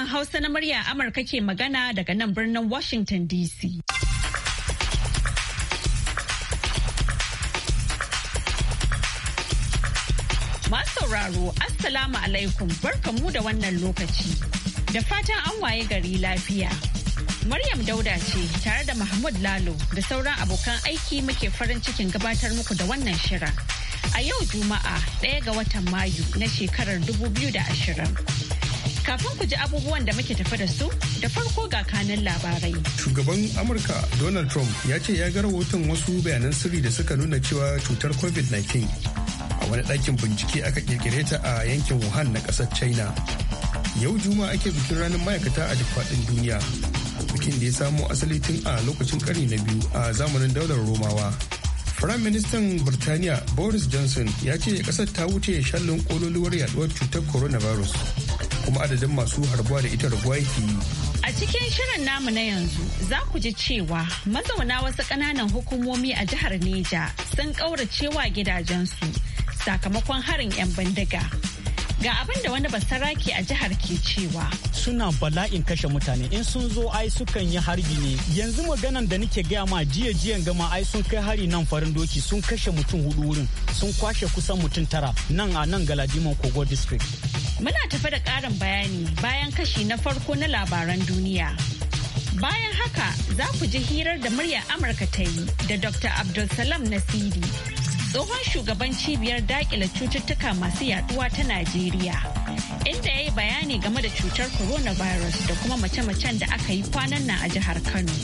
Sashen Hausa na murya Amurka ke magana daga nan birnin Washington DC. sauraro Assalamu alaikum barkamu da wannan lokaci. Da fatan an waye gari lafiya. Maryam Dauda ce tare da Mahmud Lalo da sauran abokan aiki muke farin cikin gabatar muku da wannan shirin. A yau Juma'a ɗaya ga watan Mayu na shekarar 2020. Kafin ku ji abubuwan da muke tafi da su, da farko ga kanin labarai. Shugaban Amurka Donald Trump ya ce ya ga rahoton wasu bayanan sirri da suka nuna cewa cutar COVID-19 a wani ɗakin bincike aka kirkire ta a yankin Wuhan na ƙasar China. Yau Juma'a ake bikin ranar ma'aikata a duk faɗin duniya. Bikin da ya samo asali tun a lokacin ƙarni na biyu a zamanin daular Romawa. Firaministan Birtaniya Boris Johnson ya ce ƙasar ta wuce shallin ƙololuwar yaduwar cutar coronavirus. kuma adadin masu harbuwa da ita raguwa yake yi. A cikin shirin namu na yanzu za ku ji cewa mazauna wasu ƙananan hukumomi a jihar Neja sun ƙauracewa gidajensu sakamakon harin 'yan bindiga. ga abin da wani basaraki a jihar ke cewa suna bala'in kashe mutane in sun zo ai sukan yi harbi ne yanzu maganan da nike gaya ma jiya jiyan gama ai sun kai hari nan farin doki sun kashe mutum hudu wurin sun kwashe kusan mutum tara nan a nan galadiman kogo district Muna tafe da ƙarin bayani bayan kashi na farko na labaran duniya. Bayan haka za ku ji hirar da muryar Amurka ta yi da Dr. Abdulsalam Nasiri, tsohon shugaban cibiyar daƙila cututtuka masu yaduwa ta Najeriya, inda ya yi bayani game da cutar coronavirus da kuma mace-macen da aka yi kwanan nan a jihar Kano.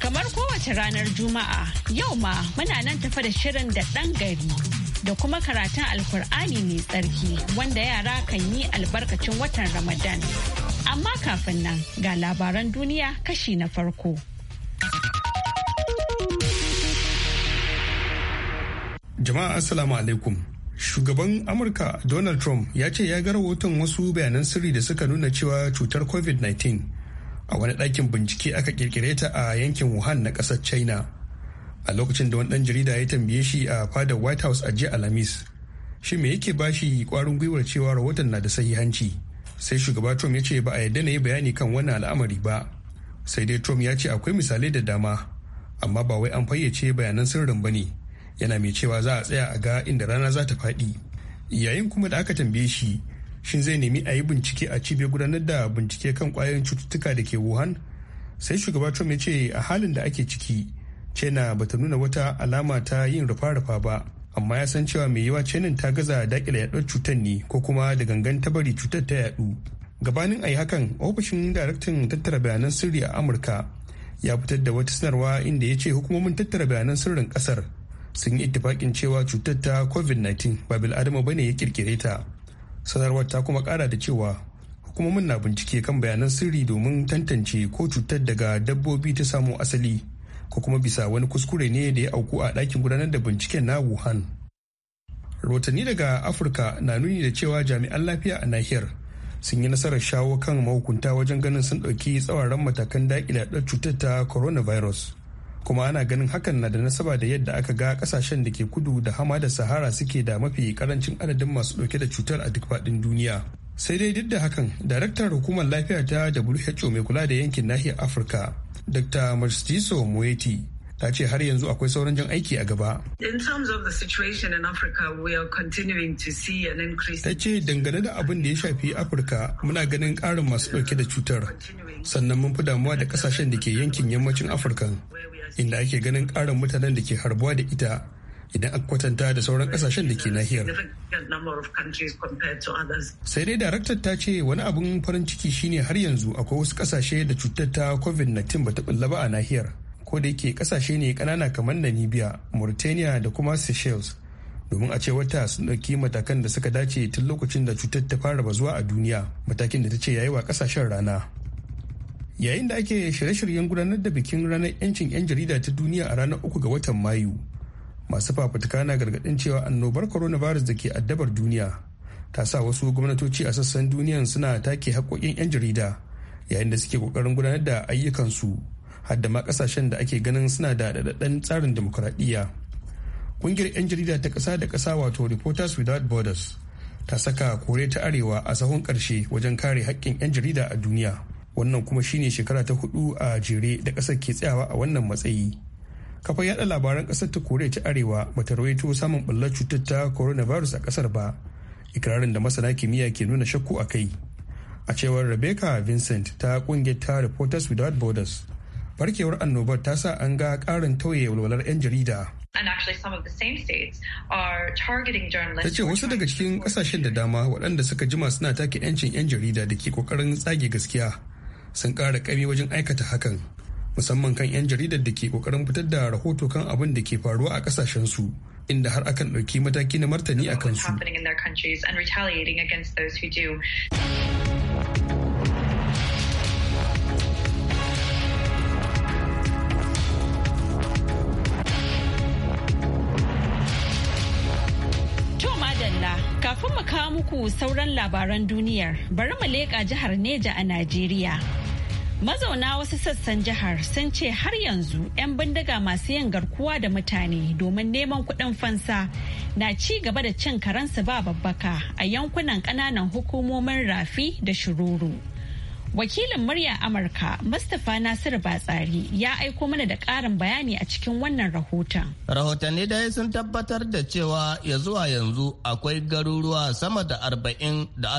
Kamar kowace ranar Juma'a, yau ma muna nan tafe da shirin da ɗan gari. da kuma karatun alkur'ani mai tsarki wanda yara kan yi albarkacin watan ramadan amma kafin nan ga labaran duniya kashi na farko jama'a assalamu alaikum shugaban amurka donald trump ya ce ya ga rahoton wasu bayanan sirri da suka nuna cewa cutar covid-19 a wani ɗakin bincike aka kirkire ta a yankin wuhan na ƙasar china a lokacin da wani dan jarida ya tambaye shi a fadar white house a jiya alhamis shi me yake ba shi kwarin gwiwar cewa rahoton na da sahihanci sai shugaba trump ya ce ba a yadda na yi bayani kan wannan al'amari ba sai dai trump ya ce akwai misalai da dama amma ba wai an fayyace bayanan sirrin ba ne yana mai cewa za a tsaya a ga inda rana za ta faɗi yayin kuma da aka tambaye shi shin zai nemi a yi bincike a cibiyar gudanar da bincike kan kwayoyin cututtuka da ke wuhan sai shugaba trump ya ce a halin da ake ciki china ba ta nuna wata alama ta yin rufa-rufa ba amma ya san cewa mai yiwa china ta gaza dakile yaduwar cutar ne ko kuma da gangan ta bari cutar ta yaɗu. gabanin a yi hakan ofishin daraktan tattara bayanan sirri a amurka ya fitar da wata sanarwa inda ya ce hukumomin tattara bayanan sirrin kasar sun yi ittifakin cewa cutar ta covid-19 ba bil'adama ba ne ya kirkire ta sanarwar ta kuma kara da cewa hukumomin na bincike kan bayanan sirri domin tantance ko cutar daga dabbobi ta samo asali ko kuma bisa wani kuskure ne da ya auku a ɗakin gudanar da binciken na wuhan rahotanni daga afirka na nuni da cewa jami'an lafiya a nahiyar sun yi nasarar shawo kan mahukunta wajen ganin sun ɗauki tsawaran matakan daƙile cutar ta coronavirus kuma ana ganin hakan na da nasaba da yadda aka ga ƙasashen da ke kudu da hama da sahara suke da mafi karancin adadin masu ɗauke da cutar a duk faɗin duniya sai dai duk da hakan daraktar hukumar lafiya ta who mai kula da yankin nahiyar afirka Dr. Mastiso Moeti ta ce har yanzu akwai sauran jan aiki a gaba. Ta ce dangane da abin da ya shafi Afirka, muna ganin ƙarin masu ɗauke da cutar. Sannan mun fi damuwa da ƙasashen da ke yankin yammacin Afirka, inda ake ganin ƙarin mutanen da ke harbuwa da ita idan aka kwatanta da sauran kasashen da ke nahiyar. Sai dai daraktar ta ce wani abun farin ciki shine har yanzu akwai wasu kasashe da cutar ta COVID-19 bata bulla ba a nahiyar. Ko da yake kasashe ne kanana kamar Namibia, Mauritania da kuma Seychelles. Domin a ce wata sun ɗauki matakan da suka dace tun lokacin da cutar ta fara bazuwa a duniya, matakin da ta ce yayi wa kasashen rana. Yayin da ake shirye-shiryen gudanar da bikin ranar 'yancin 'yan jarida ta duniya a ranar uku ga watan Mayu, masu fafutuka na gargadin cewa annobar coronavirus da ke addabar duniya ta sa wasu gwamnatoci a sassan duniyan suna take haƙoƙin 'yan jarida yayin da suke ƙoƙarin gudanar da ayyukansu har da ma ƙasashen da ake ganin suna da daɗaɗɗen tsarin dimokuraɗiyya ƙungiyar 'yan jarida ta ƙasa da ƙasa wato reporters without borders ta saka kore ta arewa a sahun ƙarshe wajen kare haƙƙin 'yan jarida a duniya wannan kuma shine shekara ta hudu a jere da ƙasar ke tsayawa a wannan matsayi kafin yada labaran kasar ta koriya ta arewa bata rawaito samun bullar cutar ta coronavirus a kasar ba ikirarin da masana kimiyya ke nuna shakku a kai a cewar rebecca vincent ta kungiyar ta reporters without borders barkewar annobar ta sa an ga karin tauye walwalar 'yan jarida ta ce wasu daga cikin kasashen da dama waɗanda suka jima suna take 'yancin 'yan jarida da ke ƙoƙarin tsage gaskiya sun ƙara ƙami wajen aikata hakan musamman kan 'yan jaridar da ke kokarin fitar da rahoto kan abin da ke faruwa a kasashensu inda har akan ɗauki mataki na martani a kansu. Kafin mu kawo muku sauran labaran duniyar, bari mu leƙa jihar Neja a Najeriya. Mazauna wasu sassan jihar sun ce har yanzu 'yan bindiga masu yin garkuwa da mutane domin neman kuɗin fansa na ci gaba da cin karansu ba babbaka a yankunan ƙananan hukumomin rafi da shiruru. Wakilin murya Amurka Mustapha Nasiru Batsari ya aiko mana da ƙarin bayani a cikin wannan rahoton. Rahotanni dai sun tabbatar da cewa ya zuwa yanzu akwai garuruwa sama da arba'in da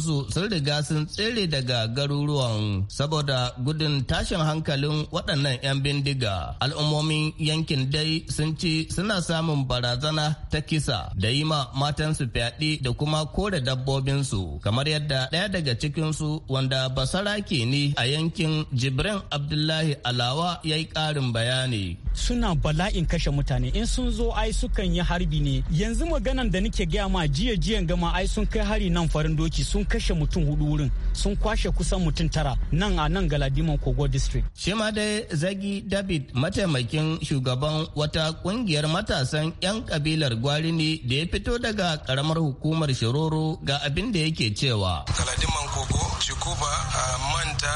su sun riga sun tsere daga garuruwan saboda gudun tashin hankalin waɗannan 'yan bindiga. Al'ummomin yankin dai sun ci suna samun barazana ta kisa da yi ma matansu fyaɗe da kuma kore dabbobinsu kamar yadda ɗaya daga cikinsu wanda ba masaraki ne a yankin jibrin abdullahi alawa ya yi karin bayani suna bala'in kashe mutane in sun zo ai sukan yi harbi ne yanzu maganan da nake gaya ma jiya jiyan gama ai sun kai hari nan farin doki sun kashe mutum hudu wurin sun kwashe kusan mutum tara nan a nan galadiman kogo district shi ma dai zagi david mataimakin shugaban wata kungiyar matasan yan kabilar gwari ne da ya fito daga karamar hukumar shiroro ga abin da yake cewa galadiman kogo duba a manta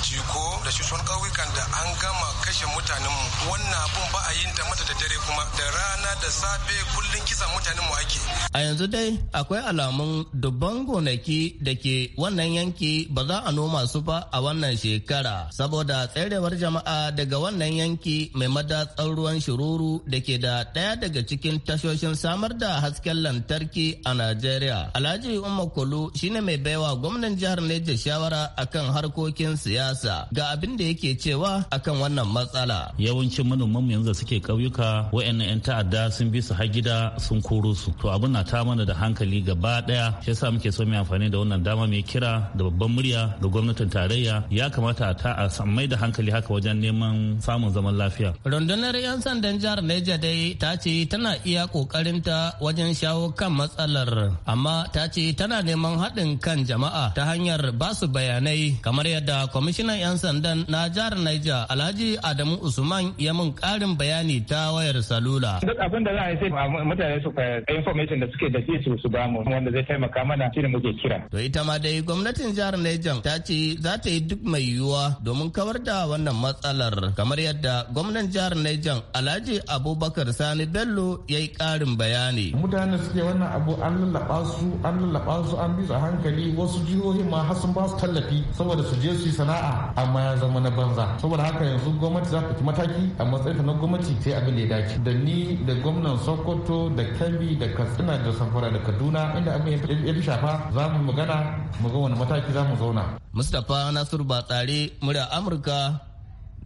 jiko da shushon ƙauyukan da an gama kashe mutanenmu wannan abun ba a yin ta mata da dare kuma da rana da safe kisa kisan mutanenmu ake. A yanzu dai akwai alamun dubban gonaki da ke wannan yanki ba za a noma su ba a wannan shekara saboda tserewar jama'a daga wannan yanki mai madatsar ruwan shiruru da ke da ɗaya daga cikin tashoshin samar da hasken lantarki a Najeriya. Alhaji Umar Kulu shine mai baiwa gwamnan jihar Neja shawara akan harkokin siyasa. nasa ga abin da yake cewa akan wannan matsala. Yawancin manoman mu yanzu suke kauyuka wa'annan 'yan ta'adda sun bi su har gida sun koro su. To abin na ta mana da hankali gaba daya shi yasa muke so mu amfani da wannan dama mai kira da babban murya ga gwamnatin tarayya ya kamata a ta a mai da hankali haka wajen neman samun zaman lafiya. Rundunar 'yan sandan jihar Neja dai ta ce tana iya ƙoƙarinta wajen shawo kan matsalar amma ta ce tana neman haɗin kan jama'a ta hanyar ba su bayanai kamar yadda kwamishin kwamishinan 'yan sandan na jihar Niger Alhaji Adamu Usman ya mun karin bayani ta wayar salula. Duk abin da za a yi sai mutane su information da suke da su su mu wanda zai taimaka mana shi muke kira. To ita ma dai gwamnatin jihar Niger ta ce za ta yi duk mai yiwuwa domin kawar da wannan matsalar kamar yadda gwamnan jihar Niger Alhaji Abubakar Sani Bello ya yi karin bayani. Mutane suke wannan abu an lallaba su an lallaba su an bi su a hankali wasu jihohi ma har sun ba su tallafi saboda su je su yi sana'a amma ya zama na banza saboda haka yanzu gwamnati za ta mataki a matsayin na gwamnati sai abin da ya dace da ni da gwamnan sokoto da kabi da katsina da samfara da kaduna inda abin ya fi shafa za mu magana mu ga wani mataki za mu zauna mustapha nasiru batsare murya amurka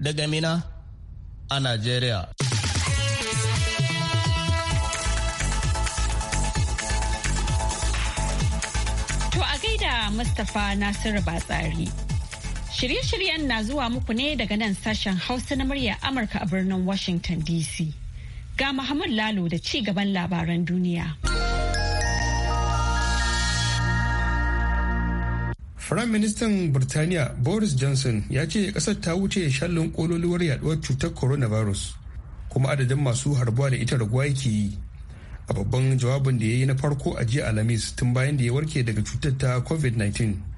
daga mina a najeriya To a gaida Mustapha Nasiru Batsari. Shirye-shiryen na zuwa muku ne daga nan sashen Hausa na murya Amurka a birnin Washington DC. Ga Muhammad Lalo da ci gaban labaran duniya. Firaministan Birtaniya Boris Johnson ya ce ƙasar ta wuce shallin kololuwar yaɗuwar cutar coronavirus kuma adadin masu harbuwa da ita raguwa yake yi. A babban jawabin da ya yi na farko a jiya Alhamis tun bayan da ya warke daga cutar ta COVID-19.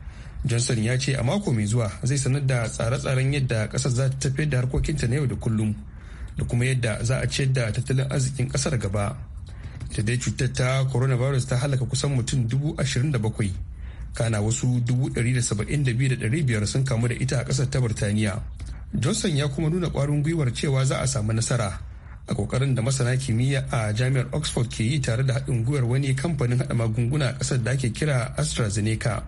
johnson ya ce a mako mai zuwa zai sanar da tsare-tsaren yadda kasar za ta tafiyar da harkokinta na yau da kullum da kuma yadda za a ciyar da tattalin arzikin kasar gaba ta dai cutar ta coronavirus ta halaka kusan mutum dubu kana wasu dubu sun kamu da ita a kasar ta birtaniya johnson ya kuma nuna kwarin gwiwar cewa za a samu nasara a kokarin da masana kimiyya a jami'ar oxford ke yi tare da haɗin gwiwar wani kamfanin haɗa magunguna a ƙasar da ake kira astrazeneca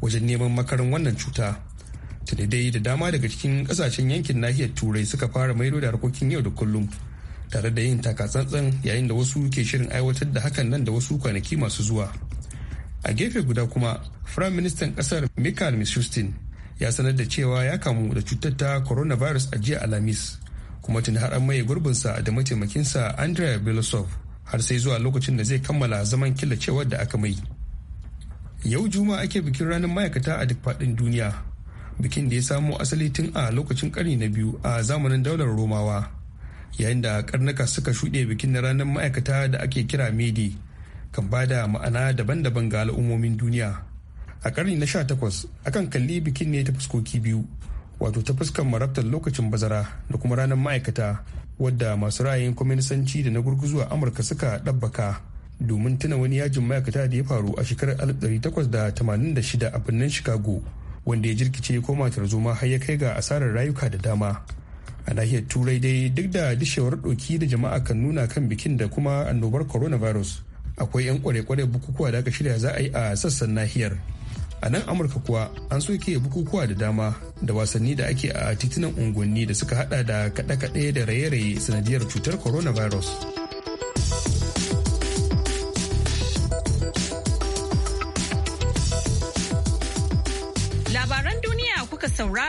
wajen neman makarin wannan cuta tuni dai da dama daga cikin kasashen yankin nahiyar turai suka fara maido da harkokin yau da kullum tare da yin takatsantsan yayin da wasu ke shirin aiwatar da hakan nan da wasu kwanaki masu zuwa a gefe guda kuma firayim ministan kasar michael mishustin ya sanar da cewa ya kamu da cutar ta coronavirus a jiya alhamis kuma tuni har an maye gurbinsa da mataimakinsa andrea belosov har sai zuwa lokacin da zai kammala zaman killacewar da aka mai yau juma'a ake bikin ranar ma'aikata a duk faɗin duniya bikin da ya samo asali tun a lokacin karni na biyu a zamanin daular romawa yayin da karnuka suka shuɗe bikin na ranar ma'aikata da ake kira medi kan ba da ma'ana daban-daban ga al'ummomin duniya a karni na sha takwas akan kalli bikin ne ta fuskoki biyu wato ta fuskan marabtar lokacin bazara da kuma ranar ma'aikata wadda masu ra'ayin kwaminisanci da na gurguzuwa amurka suka ɗabbaka domin tuna wani yajin ma'aikata da ya faru a shekarar 1886 a birnin chicago wanda ya jirkice koma tarzoma har ya kai ga asarar rayuka da dama a nahiyar turai dai duk da dishewar doki da jama'a kan nuna kan bikin da kuma annobar coronavirus akwai 'yan kware-kware bukukuwa da aka shirya za a yi a sassan nahiyar a nan amurka kuwa an soke bukukuwa da dama da wasanni da ake a titunan unguwanni da suka hada da kaɗe-kaɗe da raye-raye sanadiyar cutar coronavirus.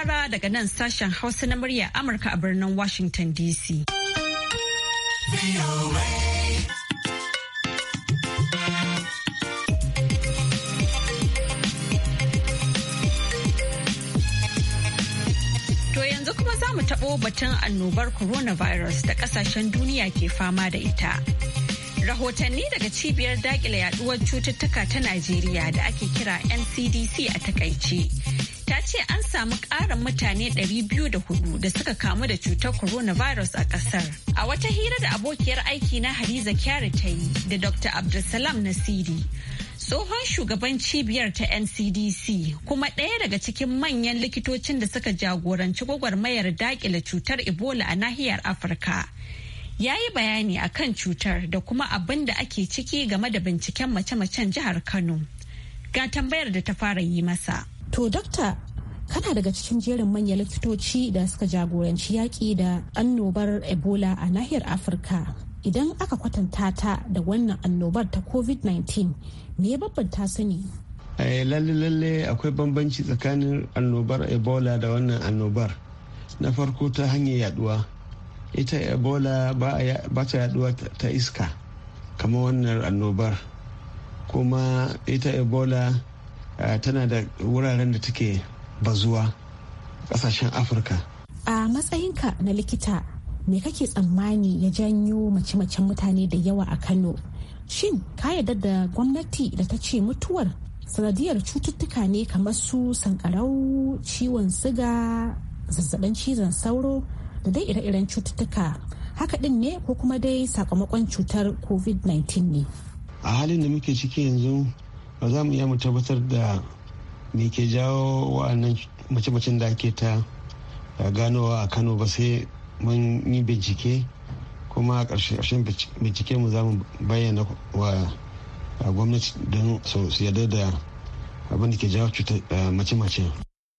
saurara daga nan sashen Hausa na murya Amurka a birnin Washington DC. To yanzu kuma za mu taɓo batun annobar coronavirus da ƙasashen duniya ke fama da ita. Rahotanni daga cibiyar dakile yaduwar cututtuka ta Najeriya da ake kira NCDC a takaice. Ta ce an samu ƙarin mutane 204 da suka kamu da cutar coronavirus a ƙasar. A wata hira da abokiyar aiki na Hadiza Kyari ta yi da Dr. Abdulsalam Nasiri. Tsohon shugaban cibiyar ta NCDC kuma ɗaya daga cikin manyan likitocin da suka jagoranci gwagwarmayar daƙile cutar Ebola a nahiyar Afirka. ya yi bayani a kan cutar da kuma abin da ake ciki game da binciken mace-macen jihar Kano. Ga tambayar da ta fara yi masa. To, dokta, kana daga cikin jerin manyan likitoci da suka jagoranci yaƙi da annobar Ebola a nahiyar Afirka. Idan aka kwatanta ta da wannan annobar ta COVID-19, me ya babbanta su ne? Eh, lalle lalle akwai bambanci tsakanin annobar Ebola da wannan annobar. Na farko ta hanyar yaduwa. ita ebola ba ta yaduwa ta iska kamar wannan annobar kuma ita ebola tana da wuraren da take bazuwa kasashen afirka a matsayinka na likita me kake tsammani ya janyo mace-macen mutane da yawa a kano shin ka yarda da gwamnati da ta ce mutuwar sanadiyar cututtuka ne kamar su sankarau ciwon siga zazzabin cizon sauro da dai ire-iren cututtuka haka din ne ko kuma dai sakamakon cutar covid-19 ne a halin da muke ciki yanzu ba za mu iya mu tabbatar da me ke jawo wa'annan mace-macen da ake ta eh, ganowa a kano ba sai mun yi bincike kuma a ƙarshen bincike mu za mu bayyana wa eh, gwamnati don su yarda da abin da ke jawo cutar eh, mace macen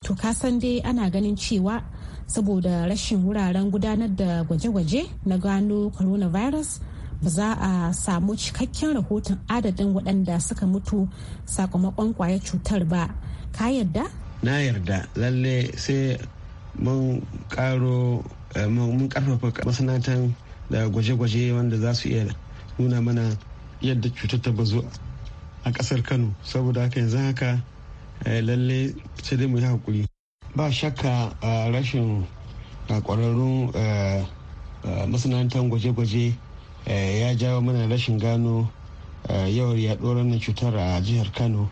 To kasan dai ana ganin cewa saboda rashin wuraren gudanar da gwaje-gwaje na gano coronavirus ba za a samu cikakken rahoton adadin waɗanda suka mutu sakamakon kwaya cutar ba ka yarda? na yarda lalle sai mun karo eh, mun karfafa masanatan da gwaje-gwaje wanda za su iya nuna mana yadda cutar ta bazo a ƙasar kano saboda haka yanzu haka Eh, lalle sai dai mu yi hakuri ba shakka rashin kwararrun masana'antar gwaje-gwaje ya jawo mana rashin gano yawar yaduwar wannan cutar a jihar kano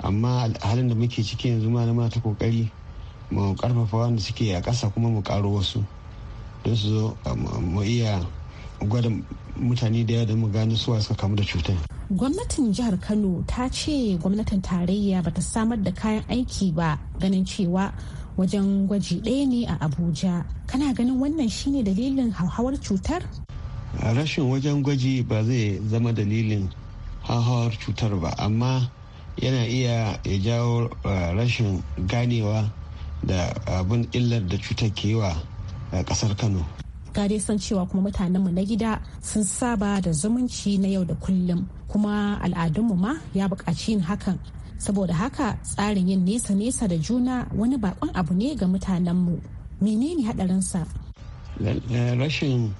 amma halin da muke ciki yanzu ma na ta kokari mu karfafa wanda suke a ƙasa kuma mu karo wasu don su zo mu iya gwada mutane da yawa da mu gano suwa suka kamu da cutar gwamnatin jihar kano ta ce gwamnatin tarayya bata samar da kayan aiki ba ganin cewa wajen gwaji ɗaya ne a abuja kana ganin wannan shine dalilin hauhawar cutar rashin wajen gwaji ba zai zama dalilin hauhawar cutar ba amma yana iya ya jawo eh, rashin ganewa da abin illar da cutar ke wa kasar eh, kano ga dai san cewa kuma mutanenmu na gida sun saba da zumunci na yau da kullum kuma al'adunmu ma ya buƙaci yin hakan saboda haka tsarin yin nesa-nesa da juna wani bakon abu ne ga mutanenmu menene haɗarinsa eh, rashin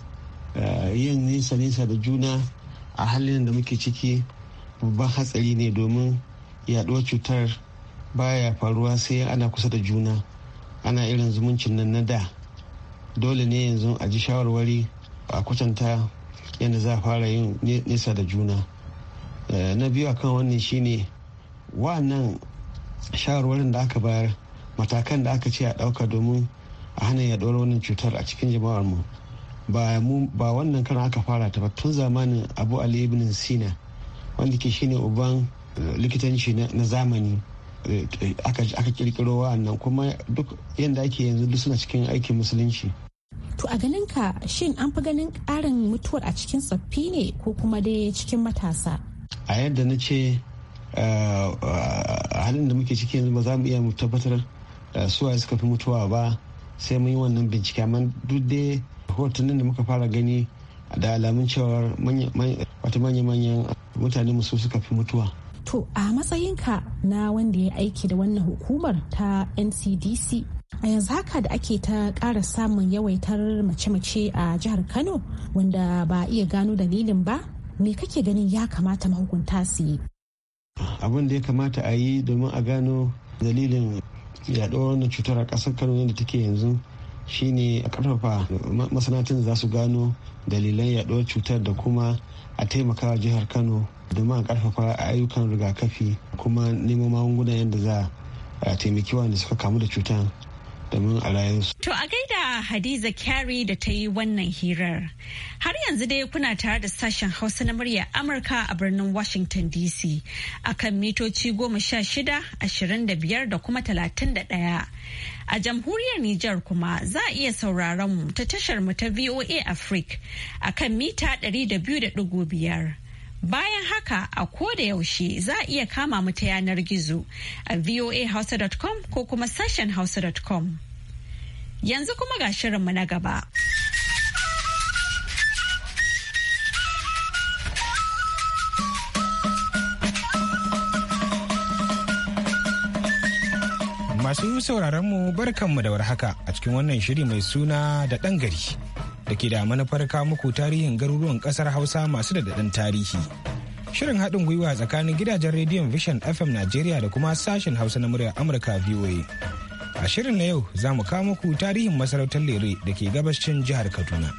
eh, yin nesa-nesa da juna a halin da muke ciki babban hatsari ne domin yaɗuwar cutar baya faruwa sai ana kusa da juna ana irin zumuncin nan na da dole ne yanzu a ji shawarwari a kwatanta yadda za a fara yin nesa da juna Eh, na biyu akan wannan shine wannan shawarwarin da aka bayar matakan da aka ce a ɗauka domin a hana yaduwar wannan cutar a cikin jama'ar mu ba wannan karan aka fara ta ba tun zamanin abu ali ibn sina wanda ke shine uban eh, likitanci na zamani eh, aka kirkiro wa'annan kuma duk yadda ake yanzu duk suna cikin aikin musulunci to a ganin ka shin an fi ganin ƙarin mutuwar a cikin tsaffi ne ko kuma dai cikin matasa a yadda na ce eh, eh, halin da muke ciki yanzu ba za mu iya mu tabbatar eh, suwaye suka fi mutuwa ba sai mun yi wannan bincike amma duk dai hotunan da muka fara gani da alamun cewa wata manya-manyan mutane musu suka fi mutuwa to a matsayinka na wanda ya aiki da wannan hukumar ta ncdc a yanzu haka da ake ta ƙara samun yawaitar mace-mace a jihar kano wanda ba iya gano dalilin ba me kake ganin ya kamata mahukunta su yi abin da ya kamata a yi domin a gano dalilin yaɗuwar wannan cutar a ƙasar kano yadda take yanzu shine a ƙarfafa masana'antun za su gano dalilan yaɗuwar cutar da kuma a taimaka taimakawa jihar kano domin a ƙarfafa ayyukan rigakafi kuma neman magunguna yadda za a taimaki wanda suka kamu da cutar domin a rayuwarsu. To a gaida Hadiza Kyari da ta yi wannan hirar. Har yanzu dai kuna tare da sashen Hausa na murya Amurka a birnin Washington DC a kan mitoci goma sha shida, ashirin da biyar da kuma talatin da ɗaya. A jamhuriyar Nijar kuma za a iya sauraron mu ta tashar mu ta VOA Africa a kan mita ɗari da biyu da ɗigo biyar. Bayan haka a da yaushe za a iya kama mu ta yanar gizo a voahausa.com ko kuma sashen hausa.com. Yanzu kuma ga shirinmu na gaba. Masu sauraron mu barkanmu da warhaka a cikin wannan shiri mai suna da ɗan gari da ke da manufar muku tarihin garuruwan ƙasar Hausa masu da daɗin tarihi. Shirin haɗin gwiwa tsakanin gidajen rediyon Vision FM Najeriya da kuma sashen Hausa na muryar Amurka VOA. A shirin na yau za mu kawo muku tarihin masarautar lere da ke gabashin jihar Kaduna.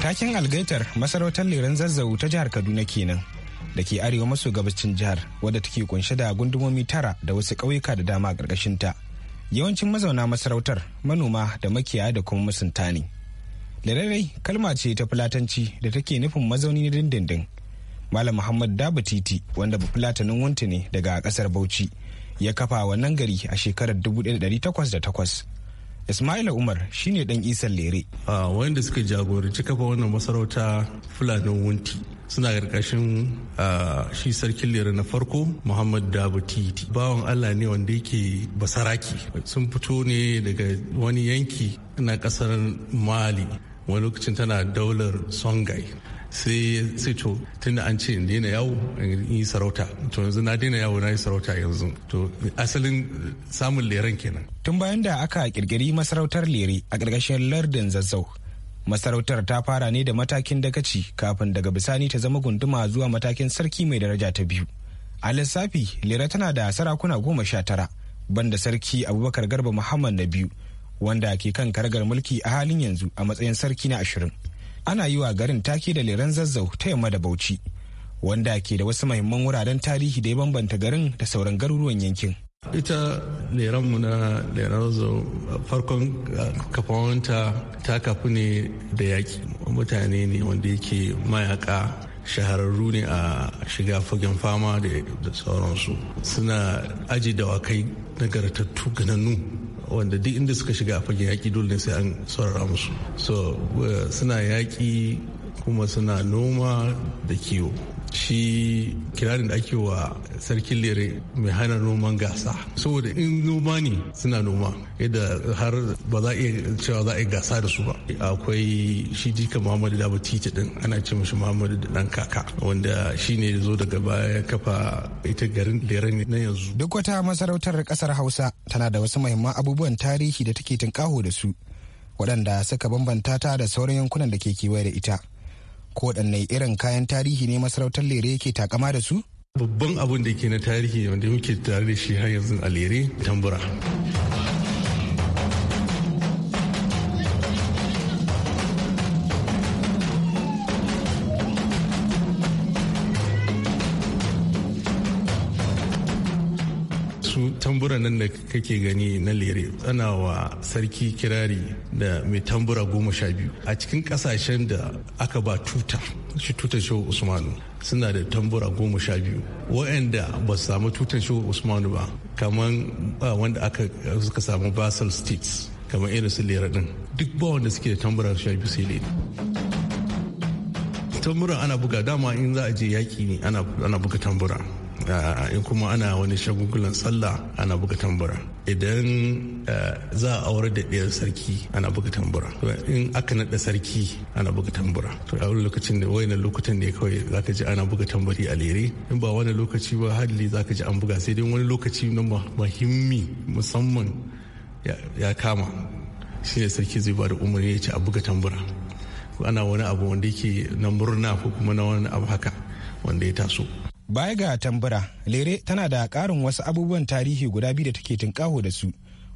taken algaitar masarautar leren zazzau ta jihar kaduna kenan da ke arewa maso gabacin jihar wadda take kunshe da gundumomi tara da wasu ƙauyuka da dama a ta yawancin mazauna masarautar manoma da makiyaya da kuma masunta ne lararai kalma ce ta fulatanci da take nufin mazauni na dindindin malam muhammad dabu titi wanda bafulatanin wunti ne daga ƙasar bauchi ya kafa wannan gari a shekarar dubu ɗaya da da ɗari takwas takwas. Ismaila Umar shine dan isan lere. A wanda suka jagoranci kafa wannan masarauta Fulanin Wunti suna karkashin shi sarkin lere na farko muhammad Dabu titi bawan allah ne wanda yake basaraki sun fito ne daga wani yanki na kasar mali wani lokacin tana daular songai sai sai to tunda an ce in daina yawo in yi sarauta to yanzu na daina yawo na yi sarauta yanzu to asalin eh, samun leren kenan tun bayan da aka kirkiri masarautar lere a ƙarƙashin lardin zazzau masarautar ta fara ne da matakin dagaci kafin daga bisani ta zama gunduma zuwa matakin sarki mai daraja ta biyu a lissafi lera tana da sarakuna goma sha tara banda sarki abubakar garba muhammad na biyu wanda ke kan karagar mulki a halin yanzu a matsayin sarki na ashirin ana yi wa garin take da liran zazzau ta yamma da bauchi wanda ke da wasu mahimman wuraren tarihi da ya bambanta garin da sauran garuruwan yankin ita mu na leran zazzau farkon ah, kafawanta ta kafu ne da yaki mutane ne wanda yake mayaka shahararru ne a shiga fagen fama da sauransu suna aji dawakai nagartattu ganannu wanda duk inda suka shiga a fagen yaƙi dole sai an saurara musu so uh, suna yaƙi kuma suna noma da kiwo shi kirarin da ake wa sarkin lere mai hana noman gasa saboda in noma ne suna noma yadda har ba za a iya cewa za a yi gasa da su ba akwai shi jika muhammadu da titi din ana ce mashi muhammadu da dan kaka wanda shi ne zo daga baya kafa ita garin lere na yanzu duk wata masarautar kasar hausa tana da wasu mahimman abubuwan tarihi da take tunkaho da su waɗanda suka bambanta ta da sauran yankunan da ke kewaye da ita ko waɗanne irin kayan tarihi ne masarautar lere ke takama da su babban abun da ke na tarihi wanda muke tare da shi har yanzu a lere tambura tambura nan da kake gani na lere ana wa sarki kirari da mai tambura goma sha biyu a cikin kasashen da aka ba tuta shi tuta shehu usmanu suna da tambura goma sha biyu wa'anda ba su samu tutan shehu usmanu ba kamar wanda aka suka samu basal states kamar irin su lera din duk ba wanda suke da tambura sha biyu sai lera tambura ana buga dama in za a je yaki ne ana buga tambura Ah, in kuma ana wani shagugulan sallah ana buga tambura idan eh, za a aure da ɗiyar sarki ana buga tambura in aka naɗa sarki ana buga tambura to a wani lokacin da wani lokutan ne kawai zaka ji ana buga tambari a lere in ba wani lokaci ba hali zaka ji an buga sai dai wani lokaci na muhimmi musamman ya kama shi ne sarki zai ba da umarni ya ce a buga tambura ana wani abu wanda yake na murna ko kuma na wani abu haka wanda ya taso baya ga tambura lere tana da ƙarin wasu abubuwan tarihi guda biyu da take tunƙaho da su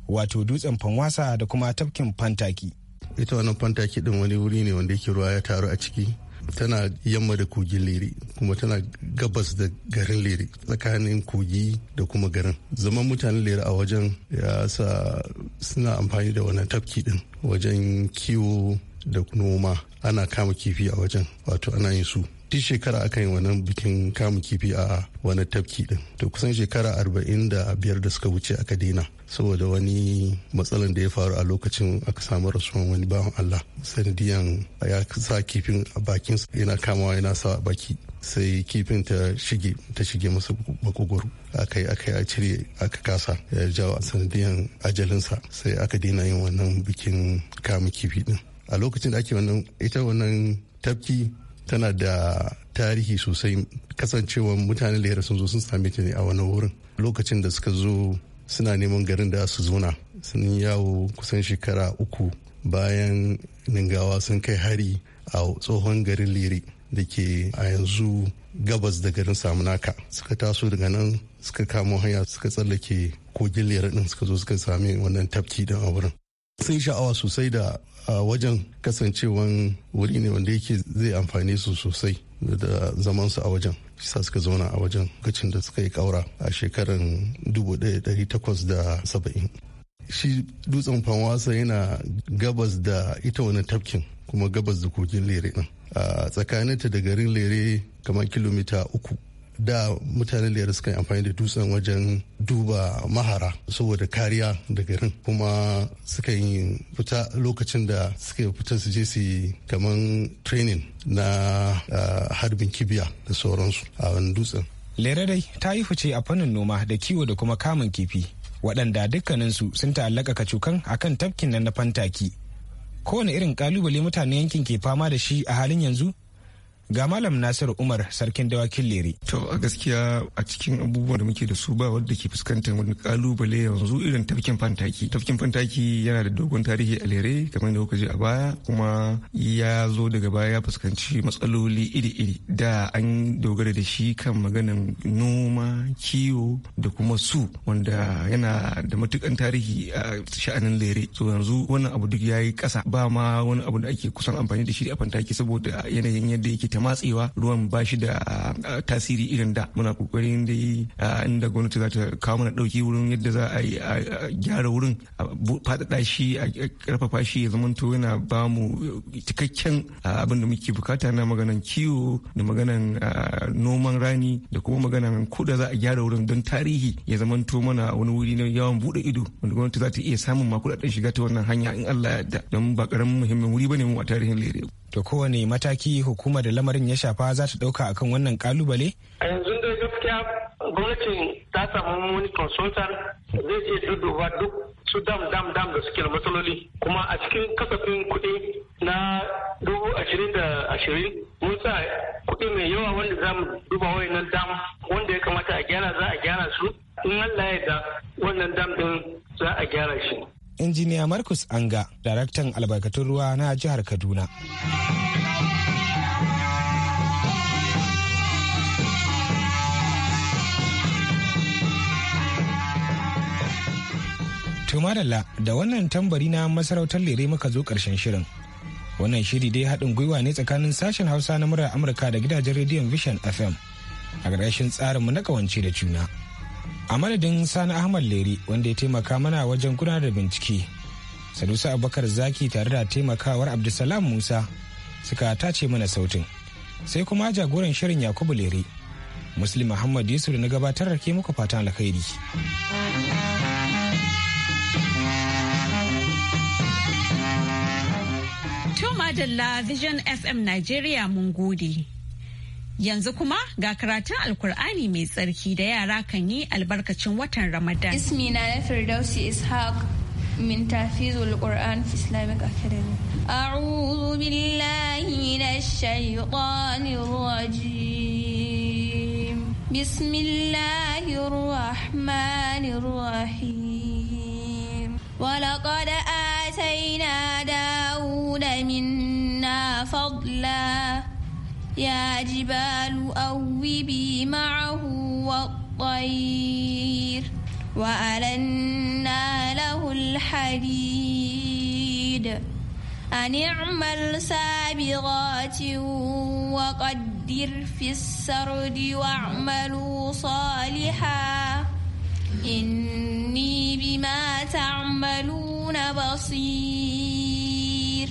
wato dutsen fanwasa da kuma tafkin fantaki ita wannan fantaki din wani wuri ne wanda yake ruwa ya taru a ciki tana yamma da kogin lere kuma tana gabas da garin lere tsakanin kogi da kuma garin zaman mutanen lere a wajen ya sa suna amfani da wannan tafki din wajen kiwo da noma ana kama kifi a wajen wato ana yin su duk shekara aka yi wannan bikin kamun kifi a wani tafki din to kusan shekara arba'in da biyar da suka wuce aka daina saboda wani matsalan da ya faru a lokacin aka samu rasuwan wani bawan allah sanadiyan ya sa kifin a bakin yana kamawa yana sa a baki sai kifin ta shige ta shige masa bakogoro aka yi aka yi a cire aka kasa ya jawo sanadiyan ajalinsa sai aka daina yin wannan bikin kamun kifi din a lokacin da ake wannan ita wannan tafki tana da tarihi sosai kasancewa mutanen lera sun zo sun same ta ne a wani wurin lokacin da suka zo suna neman garin da su zona sun yawo kusan shekara uku bayan ningawa sun kai hari a tsohon garin lere da ke a yanzu gabas da garin samunaka suka taso daga nan suka kamo hanya suka tsallake kogin lera din suka zo suka sami wannan tafki ɗin a wurin sai sha'awa sosai da a wajen kasancewan wuri ne wanda yake zai amfani su sosai da zamansu a wajen sa suka zauna a wajen lokacin da suka yi kaura a da 1870 shi dutsen famawasa yana gabas da ita wani tafkin kuma gabas da kogin lere a tsakaninta da garin lere kamar kilomita uku da mutanen da suka yi amfani da dutsen wajen duba mahara saboda kariya da garin kuma suka yi fita lokacin da suka fita su je su yi kaman training na harbin kibiya da sauransu a wani dutsen lera dai ta yi fice a fannin noma da kiwo da kuma kamun kifi waɗanda dukkaninsu sun ta'allaka kacukan akan tafkin nan na fantaki kowane irin kalubale mutane yankin ke fama da shi a halin yanzu ga malam nasir umar sarkin dawakin lere to a gaskiya a cikin abubuwan da muke da su ba wanda ke fuskantar wani kalubale yanzu irin tafkin fantaki tafkin fantaki yana da dogon tarihi a lere kamar da kuka ji a baya kuma ya zo daga baya ya fuskanci matsaloli iri-iri da an dogara da shi kan maganan noma kiwo da kuma su wanda yana da matukan tarihi a sha'anin lere To yanzu wannan abu duk ya yi kasa ba ma wani abu da ake kusan amfani da shi a fantaki saboda yanayin yadda yake ta matsewa ruwan ba shi da tasiri irin da muna kokarin da inda gwamnati za ta kawo mana dauki wurin yadda za a gyara wurin a faɗaɗa shi a karfafa shi ya to yana ba mu cikakken abin da muke bukata na maganan kiwo da maganan noman rani da kuma maganan kuda za a gyara wurin don tarihi ya to mana wani wuri na yawan buɗe ido wanda gwamnati za ta iya samun ma kuɗaɗen shiga ta wannan hanya in Allah ya yarda don ba karamin muhimmin wuri bane mu a tarihin lere. To kowane mataki hukuma da lamarin ya shafa za ta ɗauka akan wannan kalubale? A yanzu da gaskiya gwamnatin ta samu wani consultant zai je duduba duk su dam dam dam da suke da matsaloli kuma a cikin kasafin kuɗi na dubu ashirin da ashirin mun sa kuɗi mai yawa wanda za mu duba wayannan dam wanda ya kamata a gyara za a gyara su in Allah ya da wannan dam din za a gyara shi. Injiniya Marcus Anga, daraktan albarkatun ruwa na jihar Kaduna. To madalla da wannan tambari na masarautar lere muka zo ƙarshen shirin. Wannan shiri dai haɗin gwiwa ne tsakanin sashen Hausa na murar Amurka da gidajen rediyon Vision FM a ƙarƙashin tsarinmu na ƙawance da juna. A madadin Sani Ahmad Lere wanda ya taimaka mana wajen gudanar da bincike. Sadusa Abubakar Zaki tare da taimakawar Abdulsalam Musa suka tace mana sautin. Sai kuma jagoran shirin Yakubu Lere. Muslim Muhammad Yusuf na gabatar da ke muku fatan alkhairi. To Madalla Vision FM Nigeria mun gode. Yanzu kuma ga karatun Alkur'ani mai tsarki da yara kan yi albarkacin watan Ramadan. Ismina na Firdausi Ishaq min tafizul Qur'an fi Islamic Academy. أعوذ بالله من الشيطان الرجيم بسم الله الرحمن الرحيم ولقد وآتينا داود منا فضلا يا جبال أوبي معه والطير وألنا له الحديد أن اعمل سابغات وقدر في السرد واعملوا صالحا إني بما تعملون بصير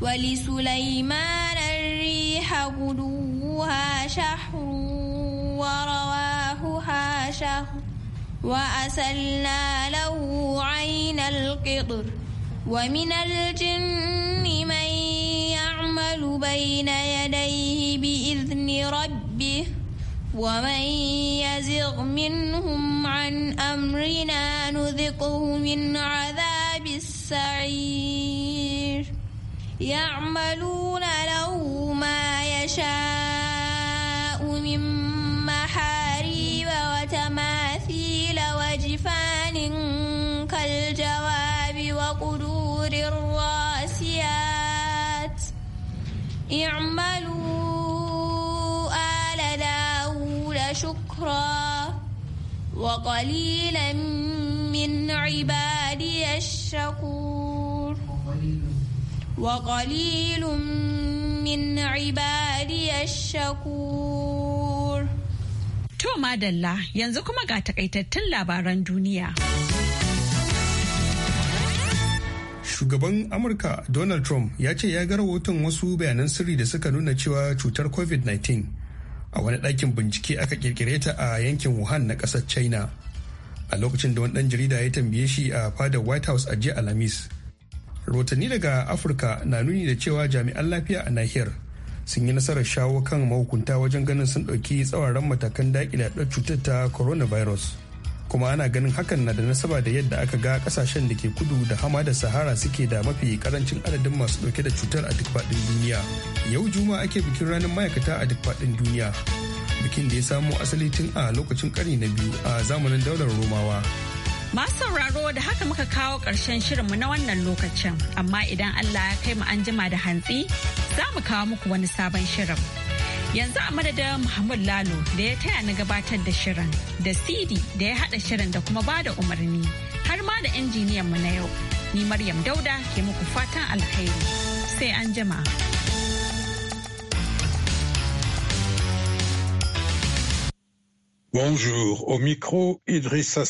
ولسليمان الريح غدوها شهر ورواهها شهر وأسلنا له عين القطر ومن الجن من يعمل بين يديه بإذن ربه ومن يزغ منهم عن أمرنا نذقه من عذاب السماء السعير يعملون له ما يشاء من محاريب وتماثيل وجفان كالجواب وقدور الراسيات اعملوا آل داود شكرا وقليلا من عبادي الشكور shakur wa qalilun min ibadiyash shakur to yanzu kuma ga takaitattun labaran duniya shugaban amurka donald trump ya ce ya ga rahoton wasu bayanan sirri da suka nuna cewa cutar covid-19 a wani ɗakin bincike aka kirkire ta a yankin wuhan na ƙasar china a lokacin da wani dan jarida ya tambaye shi a fadar white house a jiya alhamis rahotanni daga afirka na nuni da cewa jami'an lafiya a nahiyar sun yi nasarar shawo kan mahukunta wajen ganin sun ɗauki tsawaran matakan daƙile da cutar ta coronavirus kuma ana ganin hakan na da nasaba da yadda aka ga kasashen da ke kudu da hama da sahara suke da mafi karancin adadin masu ɗauke da cutar a duk faɗin duniya yau juma'a ake bikin ranar ma'aikata a duk faɗin duniya bikin da ya samo asali tun a lokacin ƙarni na biyu a zamanin daular romawa Masu sauraro da haka muka kawo ƙarshen shirinmu na wannan lokacin, amma idan Allah ya kai mu an jima da hantsi, za mu kawo muku wani sabon shirin. Yanzu a madadin Muhammad Lalo da ya taya na gabatar da shirin, da Sidi da ya haɗa shirin da kuma bada umarni, har ma da injiniyan mu na yau. Ni Maryam Dauda ke muku fatan alheri. Sai an jima. Bonjour, au micro Idrissa